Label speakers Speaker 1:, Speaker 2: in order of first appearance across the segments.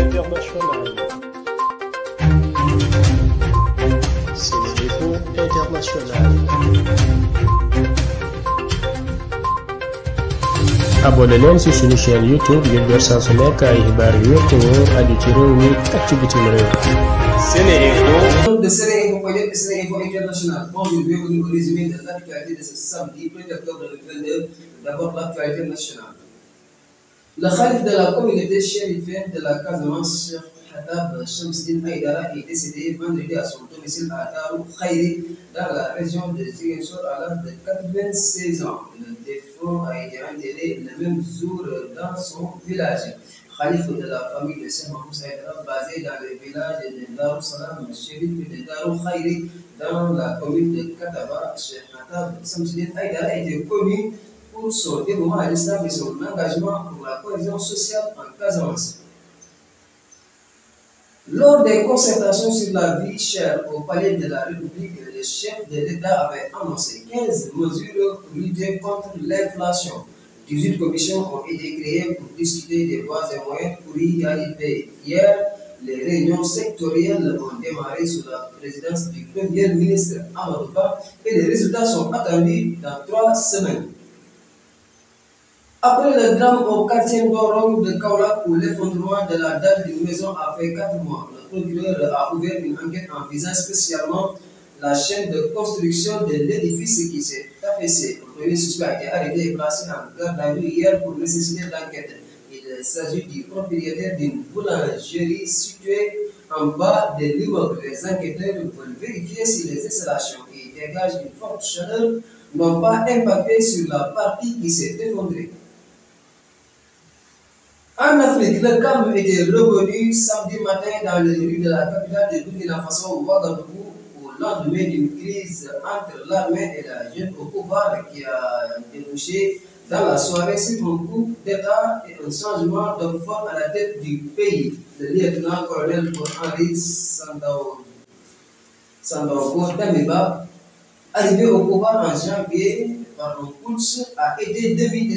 Speaker 1: internationale. C'est l'info internationale. abonné leen
Speaker 2: ci suñu chaîne YouTube ngir jot saa su nekk ay xibaar yu wér te wóor aju ci réew mi ak ci bitim réew. SeneInfo. de
Speaker 1: SeneInfo.net et SeneInfo International. Bonjour, bienvenue au résumé de l'actualité de ce samedi 1er octobre 2022. D'abord l'actualité nationale. Le calife de la communauté chérifée de la Casamance, Cheikh Hatab Shamsdin Haïdara, est décédé vendredi à son domicile à Darou Khairi, la région de Ziguinchor, à l'âge de 96 ans. Le défunt a été enterré le même jour dans son village. Khalif de la famille de Cheikh Mahmoud Haïdara, basé dans le village de Darou Salam, chérif de de Kataba, pour son
Speaker 2: Lors des concertations sur la vie
Speaker 1: chère au de la République, le chef de l'État avait annoncé 15 mesures pour lutter contre l'inflation. 18 commissions ont été créées pour discuter des voies moyens pour y arriver. Hier, les réunions sectorielles ont démarré sous la présidence du Premier ministre Amadou et les résultats sont attendus dans trois semaines. Après le drame au quartier Gorong de Kaolack où l'effondrement de la dalle d'une maison a fait quatre morts, le procureur a ouvert une enquête en visant spécialement la chaîne de construction de l'édifice qui s'est affaissé. Le premier suspect été arrêté et placé en garde à vue hier pour nécessiter d'enquête. Il s'agit du propriétaire d'une boulangerie située en bas de l'immeuble. Les enquêteurs veulent vérifier si les installations qui dégagent une forte En Afrique, le calme était revenu samedi matin dans les de la capitale de Burkina Faso, Ouagadougou, au lendemain d'une crise entre l'armée et la jeune au qui a débouché dans la soirée sur un coup d'État et un changement de à la tête du pays, le lieutenant-colonel Henri Sandaogo Damiba, arrivé au en janvier par un putsch, a aidé demi de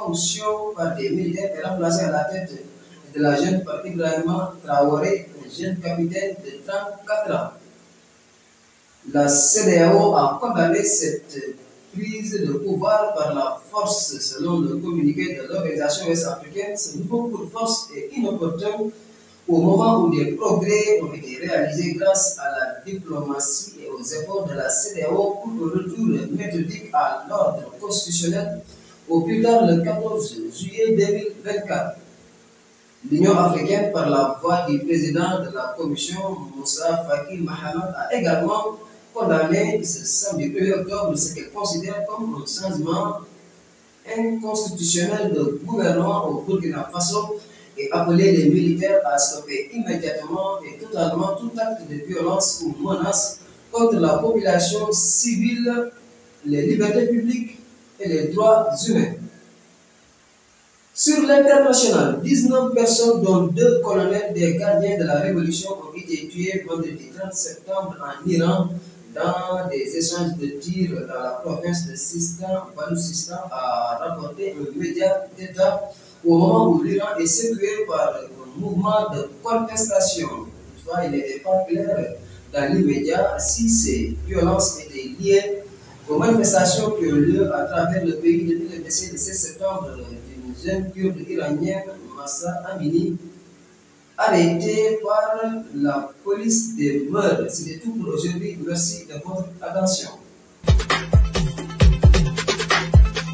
Speaker 1: fonction par des militaires est remplacé à la tête de la jeune par Ibrahima Traoré, un jeune capitaine de 34 ans. La CEDEAO a condamné cette prise de pouvoir par la force, selon le communiqué de l'organisation ouest-africaine. Ce nouveau coup de force est inopportun au moment où des progrès ont été réalisés grâce à la diplomatie et aux efforts de la CEDEAO pour le retour méthodique à l'ordre constitutionnel au plus tard le juillet L'Union africaine, par la voix du président de la Commission, Moussa Faki Mahamat, a également condamné ce samedi octobre ce qu'elle considère comme un changement inconstitutionnel de gouvernement au Burkina Faso et appelé les militaires à stopper immédiatement et totalement tout acte de violence ou menace contre la population civile, les libertés publiques et les droits humains. Sur l'international, 19 personnes, dont deux colonels des gardiens de la Révolution, ont été tuées vendredi 30 septembre en Iran dans des échanges de tirs dans la province de Sistan, Balouchistan, a rapporté un média d'État au moment où l'Iran est secoué par mouvement de contestation. Toutefois, il n'était pas clair dans l'immédiat si ces violences étaient liées aux manifestations qui ont lieu à travers le pays depuis le de septembre d'une jeune kurde iranienne, Massa Amini, arrêtée par la police des mœurs. C'était tout pour aujourd'hui. Merci de attention.